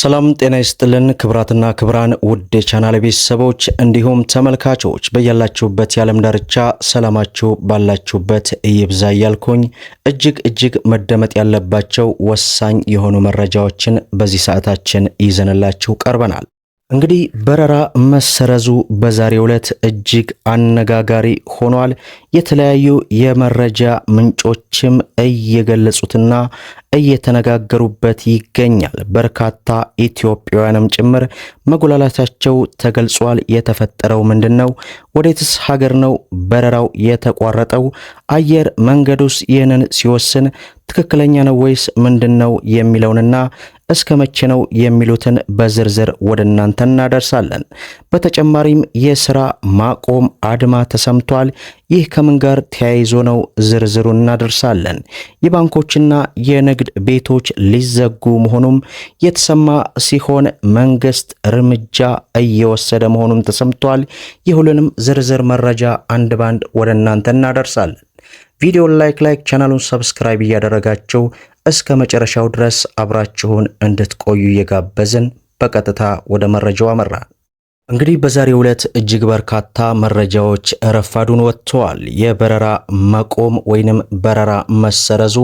ሰላም ጤና ይስጥልን ክብራትና ክብራን ውድ የቻናል ቤተሰቦች እንዲሁም ተመልካቾች በያላችሁበት የዓለም ዳርቻ ሰላማችሁ ባላችሁበት ይብዛ እያልኩኝ እጅግ እጅግ መደመጥ ያለባቸው ወሳኝ የሆኑ መረጃዎችን በዚህ ሰዓታችን ይዘንላችሁ ቀርበናል። እንግዲህ በረራ መሰረዙ በዛሬው ዕለት እጅግ አነጋጋሪ ሆኗል። የተለያዩ የመረጃ ምንጮችም እየገለጹትና እየተነጋገሩበት ይገኛል። በርካታ ኢትዮጵያውያንም ጭምር መጎላላታቸው ተገልጿል። የተፈጠረው ምንድን ነው? ወዴትስ ሀገር ነው በረራው የተቋረጠው? አየር መንገዱስ ይህንን ሲወስን ትክክለኛ ነው ወይስ ምንድን ነው የሚለውንና እስከ መቼ ነው የሚሉትን በዝርዝር ወደ እናንተ እናደርሳለን። በተጨማሪም የስራ ማቆም አድማ ተሰምቷል። ይህ ከምን ጋር ተያይዞ ነው? ዝርዝሩ እናደርሳለን። የባንኮችና የንግድ ንግድ ቤቶች ሊዘጉ መሆኑም የተሰማ ሲሆን መንግስት እርምጃ እየወሰደ መሆኑም ተሰምቷል። የሁሉንም ዝርዝር መረጃ አንድ ባንድ ወደ እናንተ እናደርሳለን። ቪዲዮን ላይክ ላይክ ቻናሉን ሰብስክራይብ እያደረጋችሁ እስከ መጨረሻው ድረስ አብራችሁን እንድትቆዩ እየጋበዝን በቀጥታ ወደ መረጃው አመራን። እንግዲህ በዛሬው ዕለት እጅግ በርካታ መረጃዎች ረፋዱን ወጥተዋል። የበረራ መቆም ወይንም በረራ መሰረዙ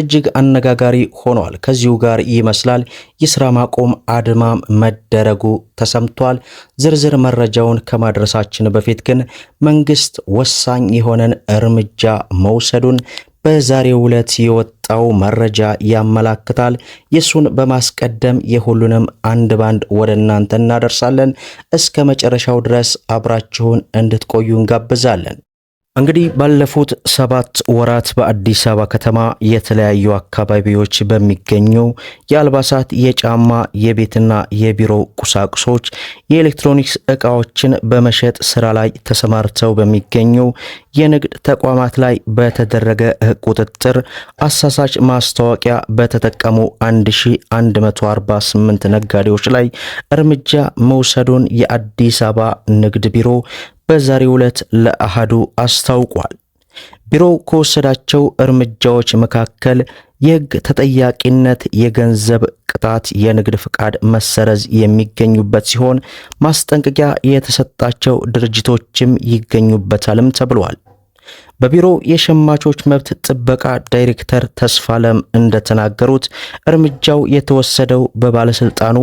እጅግ አነጋጋሪ ሆኗል። ከዚሁ ጋር ይመስላል የስራ ማቆም አድማ መደረጉ ተሰምቷል። ዝርዝር መረጃውን ከማድረሳችን በፊት ግን መንግስት ወሳኝ የሆነን እርምጃ መውሰዱን በዛሬው ዕለት የወጣው መረጃ ያመላክታል። የሱን በማስቀደም የሁሉንም አንድ ባንድ ወደ እናንተ እናደርሳለን። እስከ መጨረሻው ድረስ አብራችሁን እንድትቆዩ እንጋብዛለን። እንግዲህ ባለፉት ሰባት ወራት በአዲስ አበባ ከተማ የተለያዩ አካባቢዎች በሚገኙ የአልባሳት፣ የጫማ፣ የቤትና የቢሮ ቁሳቁሶች፣ የኤሌክትሮኒክስ እቃዎችን በመሸጥ ስራ ላይ ተሰማርተው በሚገኙ የንግድ ተቋማት ላይ በተደረገ ቁጥጥር አሳሳች ማስታወቂያ በተጠቀሙ 1148 ነጋዴዎች ላይ እርምጃ መውሰዱን የአዲስ አበባ ንግድ ቢሮ በዛሬው ዕለት ለአሃዱ አስታውቋል። ቢሮው ከወሰዳቸው እርምጃዎች መካከል የህግ ተጠያቂነት፣ የገንዘብ ቅጣት፣ የንግድ ፍቃድ መሰረዝ የሚገኙበት ሲሆን ማስጠንቀቂያ የተሰጣቸው ድርጅቶችም ይገኙበታልም ተብሏል። በቢሮው የሸማቾች መብት ጥበቃ ዳይሬክተር ተስፋለም እንደተናገሩት እርምጃው የተወሰደው በባለስልጣኑ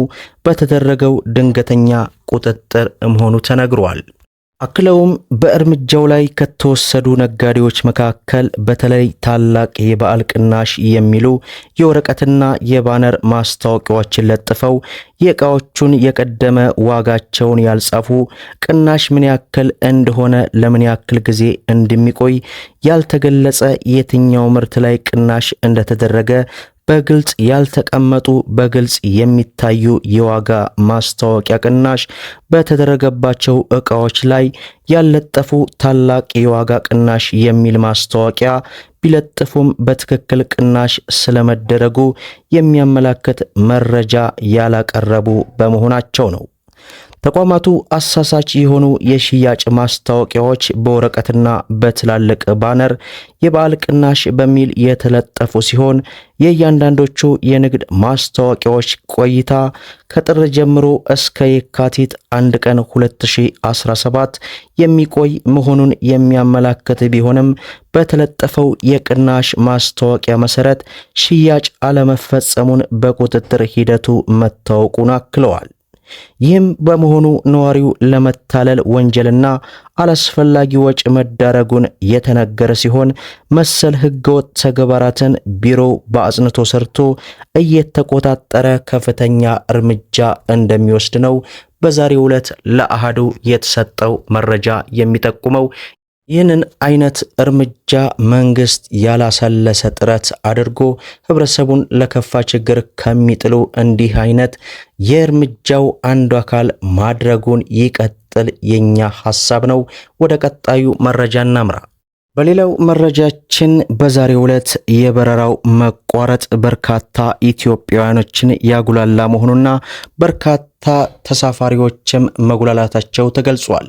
በተደረገው ድንገተኛ ቁጥጥር መሆኑ ተነግሯል። አክለውም በእርምጃው ላይ ከተወሰዱ ነጋዴዎች መካከል በተለይ ታላቅ የበዓል ቅናሽ የሚሉ የወረቀትና የባነር ማስታወቂያዎችን ለጥፈው የእቃዎቹን የቀደመ ዋጋቸውን ያልጻፉ፣ ቅናሽ ምን ያክል እንደሆነ ለምን ያክል ጊዜ እንደሚቆይ ያልተገለጸ የትኛው ምርት ላይ ቅናሽ እንደተደረገ በግልጽ ያልተቀመጡ በግልጽ የሚታዩ የዋጋ ማስታወቂያ ቅናሽ በተደረገባቸው ዕቃዎች ላይ ያልለጠፉ ታላቅ የዋጋ ቅናሽ የሚል ማስታወቂያ ቢለጥፉም በትክክል ቅናሽ ስለመደረጉ የሚያመላክት መረጃ ያላቀረቡ በመሆናቸው ነው። ተቋማቱ አሳሳች የሆኑ የሽያጭ ማስታወቂያዎች በወረቀትና በትላልቅ ባነር የበዓል ቅናሽ በሚል የተለጠፉ ሲሆን የእያንዳንዶቹ የንግድ ማስታወቂያዎች ቆይታ ከጥር ጀምሮ እስከ የካቲት አንድ ቀን 2017 የሚቆይ መሆኑን የሚያመላክት ቢሆንም በተለጠፈው የቅናሽ ማስታወቂያ መሰረት ሽያጭ አለመፈጸሙን በቁጥጥር ሂደቱ መታወቁን አክለዋል። ይህም በመሆኑ ነዋሪው ለመታለል ወንጀልና አላስፈላጊ ወጪ መዳረጉን የተነገረ ሲሆን መሰል ህገወጥ ተግባራትን ቢሮው በአጽንቶ ሰርቶ እየተቆጣጠረ ከፍተኛ እርምጃ እንደሚወስድ ነው በዛሬው ዕለት ለአሃዱ የተሰጠው መረጃ የሚጠቁመው። ይህንን አይነት እርምጃ መንግስት ያላሰለሰ ጥረት አድርጎ ህብረተሰቡን ለከፋ ችግር ከሚጥሉ እንዲህ አይነት የእርምጃው አንዱ አካል ማድረጉን ይቀጥል የኛ ሐሳብ ነው። ወደ ቀጣዩ መረጃ እናምራ። በሌላው መረጃችን በዛሬው ዕለት የበረራው መቋረጥ በርካታ ኢትዮጵያውያኖችን ያጉላላ መሆኑና በርካታ ተሳፋሪዎችም መጉላላታቸው ተገልጿል።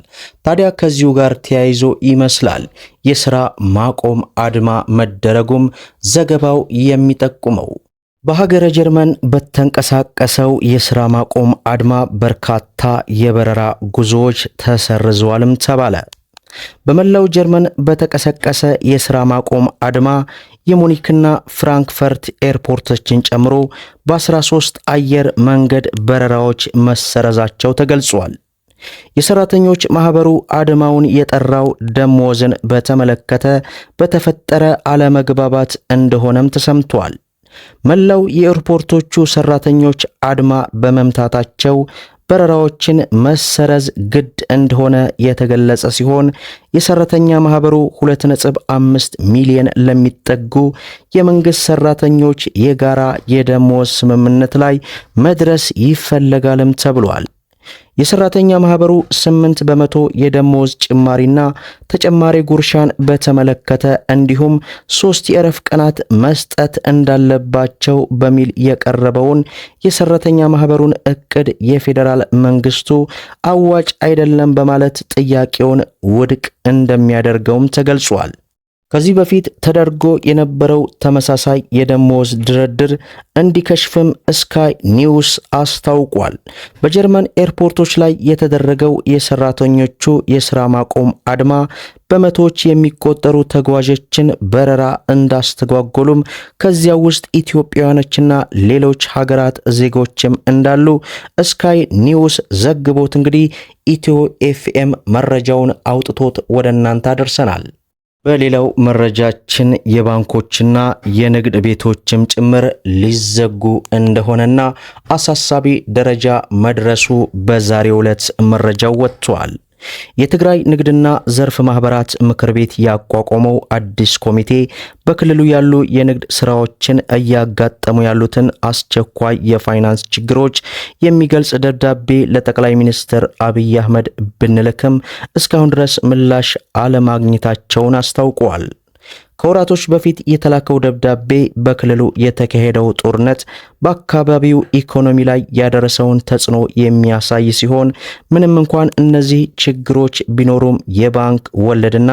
ታዲያ ከዚሁ ጋር ተያይዞ ይመስላል የሥራ ማቆም አድማ መደረጉም ዘገባው የሚጠቁመው። በሀገረ ጀርመን በተንቀሳቀሰው የሥራ ማቆም አድማ በርካታ የበረራ ጉዞዎች ተሰርዘዋልም ተባለ። በመላው ጀርመን በተቀሰቀሰ የሥራ ማቆም አድማ የሙኒክና ፍራንክፈርት ኤርፖርቶችን ጨምሮ በ13 አየር መንገድ በረራዎች መሰረዛቸው ተገልጿል። የሰራተኞች ማህበሩ አድማውን የጠራው ደሞዝን በተመለከተ በተፈጠረ አለመግባባት እንደሆነም ተሰምቷል። መላው የኤርፖርቶቹ ሰራተኞች አድማ በመምታታቸው በረራዎችን መሰረዝ ግድ እንደሆነ የተገለጸ ሲሆን የሰራተኛ ማህበሩ 2.5 ሚሊዮን ለሚጠጉ የመንግስት ሰራተኞች የጋራ የደሞዝ ስምምነት ላይ መድረስ ይፈለጋልም ተብሏል። የሰራተኛ ማህበሩ 8 በመቶ የደሞዝ ጭማሪና ተጨማሪ ጉርሻን በተመለከተ እንዲሁም ሶስት የእረፍ ቀናት መስጠት እንዳለባቸው በሚል የቀረበውን የሰራተኛ ማህበሩን እቅድ የፌዴራል መንግስቱ አዋጭ አይደለም በማለት ጥያቄውን ውድቅ እንደሚያደርገውም ተገልጿል። ከዚህ በፊት ተደርጎ የነበረው ተመሳሳይ የደሞዝ ድርድር እንዲከሽፍም ስካይ ኒውስ አስታውቋል። በጀርመን ኤርፖርቶች ላይ የተደረገው የሰራተኞቹ የስራ ማቆም አድማ በመቶዎች የሚቆጠሩ ተጓዦችን በረራ እንዳስተጓጎሉም ከዚያ ውስጥ ኢትዮጵያውያኖችና ሌሎች ሀገራት ዜጎችም እንዳሉ ስካይ ኒውስ ዘግቦት እንግዲህ ኢትዮ ኤፍኤም መረጃውን አውጥቶት ወደ እናንተ አደርሰናል። በሌላው መረጃችን የባንኮችና የንግድ ቤቶችም ጭምር ሊዘጉ እንደሆነና አሳሳቢ ደረጃ መድረሱ በዛሬው ዕለት መረጃው ወጥቷል። የትግራይ ንግድና ዘርፍ ማህበራት ምክር ቤት ያቋቋመው አዲስ ኮሚቴ በክልሉ ያሉ የንግድ ስራዎችን እያጋጠሙ ያሉትን አስቸኳይ የፋይናንስ ችግሮች የሚገልጽ ደብዳቤ ለጠቅላይ ሚኒስትር አብይ አህመድ ብንልክም እስካሁን ድረስ ምላሽ አለማግኘታቸውን አስታውቀዋል። ከወራቶች በፊት የተላከው ደብዳቤ በክልሉ የተካሄደው ጦርነት በአካባቢው ኢኮኖሚ ላይ ያደረሰውን ተጽዕኖ የሚያሳይ ሲሆን ምንም እንኳን እነዚህ ችግሮች ቢኖሩም የባንክ ወለድና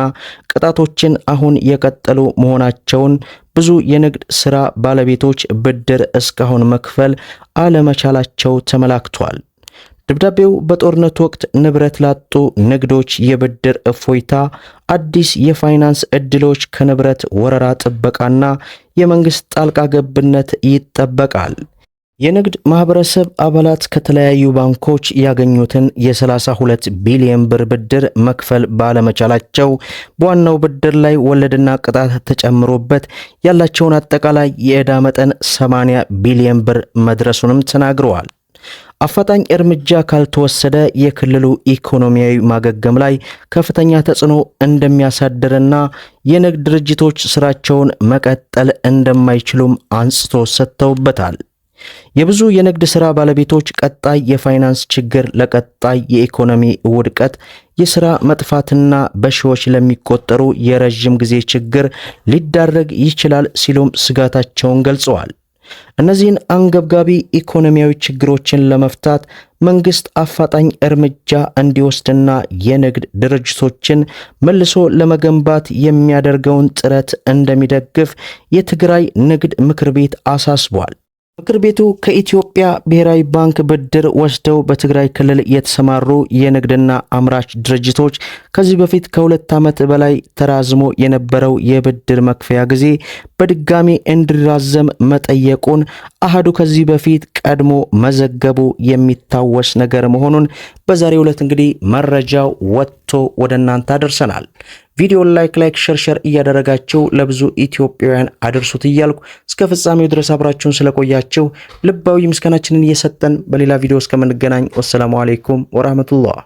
ቅጣቶችን አሁን የቀጠሉ መሆናቸውን ብዙ የንግድ ስራ ባለቤቶች ብድር እስካሁን መክፈል አለመቻላቸው ተመላክቷል። ደብዳቤው በጦርነት ወቅት ንብረት ላጡ ንግዶች የብድር እፎይታ፣ አዲስ የፋይናንስ ዕድሎች ከንብረት ወረራ ጥበቃና የመንግሥት ጣልቃ ገብነት ይጠበቃል። የንግድ ማህበረሰብ አባላት ከተለያዩ ባንኮች ያገኙትን የ32 ቢሊዮን ብር ብድር መክፈል ባለመቻላቸው በዋናው ብድር ላይ ወለድና ቅጣት ተጨምሮበት ያላቸውን አጠቃላይ የዕዳ መጠን 80 ቢሊዮን ብር መድረሱንም ተናግረዋል። አፋጣኝ እርምጃ ካልተወሰደ የክልሉ ኢኮኖሚያዊ ማገገም ላይ ከፍተኛ ተጽዕኖ እንደሚያሳድርና የንግድ ድርጅቶች ስራቸውን መቀጠል እንደማይችሉም አንስቶ ሰጥተውበታል። የብዙ የንግድ ስራ ባለቤቶች ቀጣይ የፋይናንስ ችግር ለቀጣይ የኢኮኖሚ ውድቀት፣ የስራ መጥፋትና በሺዎች ለሚቆጠሩ የረዥም ጊዜ ችግር ሊዳረግ ይችላል ሲሉም ስጋታቸውን ገልጸዋል። እነዚህን አንገብጋቢ ኢኮኖሚያዊ ችግሮችን ለመፍታት መንግስት አፋጣኝ እርምጃ እንዲወስድና የንግድ ድርጅቶችን መልሶ ለመገንባት የሚያደርገውን ጥረት እንደሚደግፍ የትግራይ ንግድ ምክር ቤት አሳስቧል። ምክር ቤቱ ከኢትዮጵያ ብሔራዊ ባንክ ብድር ወስደው በትግራይ ክልል የተሰማሩ የንግድና አምራች ድርጅቶች ከዚህ በፊት ከሁለት ዓመት በላይ ተራዝሞ የነበረው የብድር መክፈያ ጊዜ በድጋሚ እንዲራዘም መጠየቁን አህዱ ከዚህ በፊት ቀድሞ መዘገቡ የሚታወስ ነገር መሆኑን በዛሬው ዕለት እንግዲህ መረጃው ወጥ ተሰርቶ ወደ እናንተ አደርሰናል። ቪዲዮን ላይክ ላይክ ሸርሸር እያደረጋችሁ ለብዙ ኢትዮጵያውያን አድርሱት እያልኩ እስከ ፍጻሜው ድረስ አብራችሁን ስለቆያችሁ ልባዊ ምስጋናችንን እየሰጠን በሌላ ቪዲዮ እስከምንገናኝ ወሰላሙ አሌይኩም ወራህመቱላህ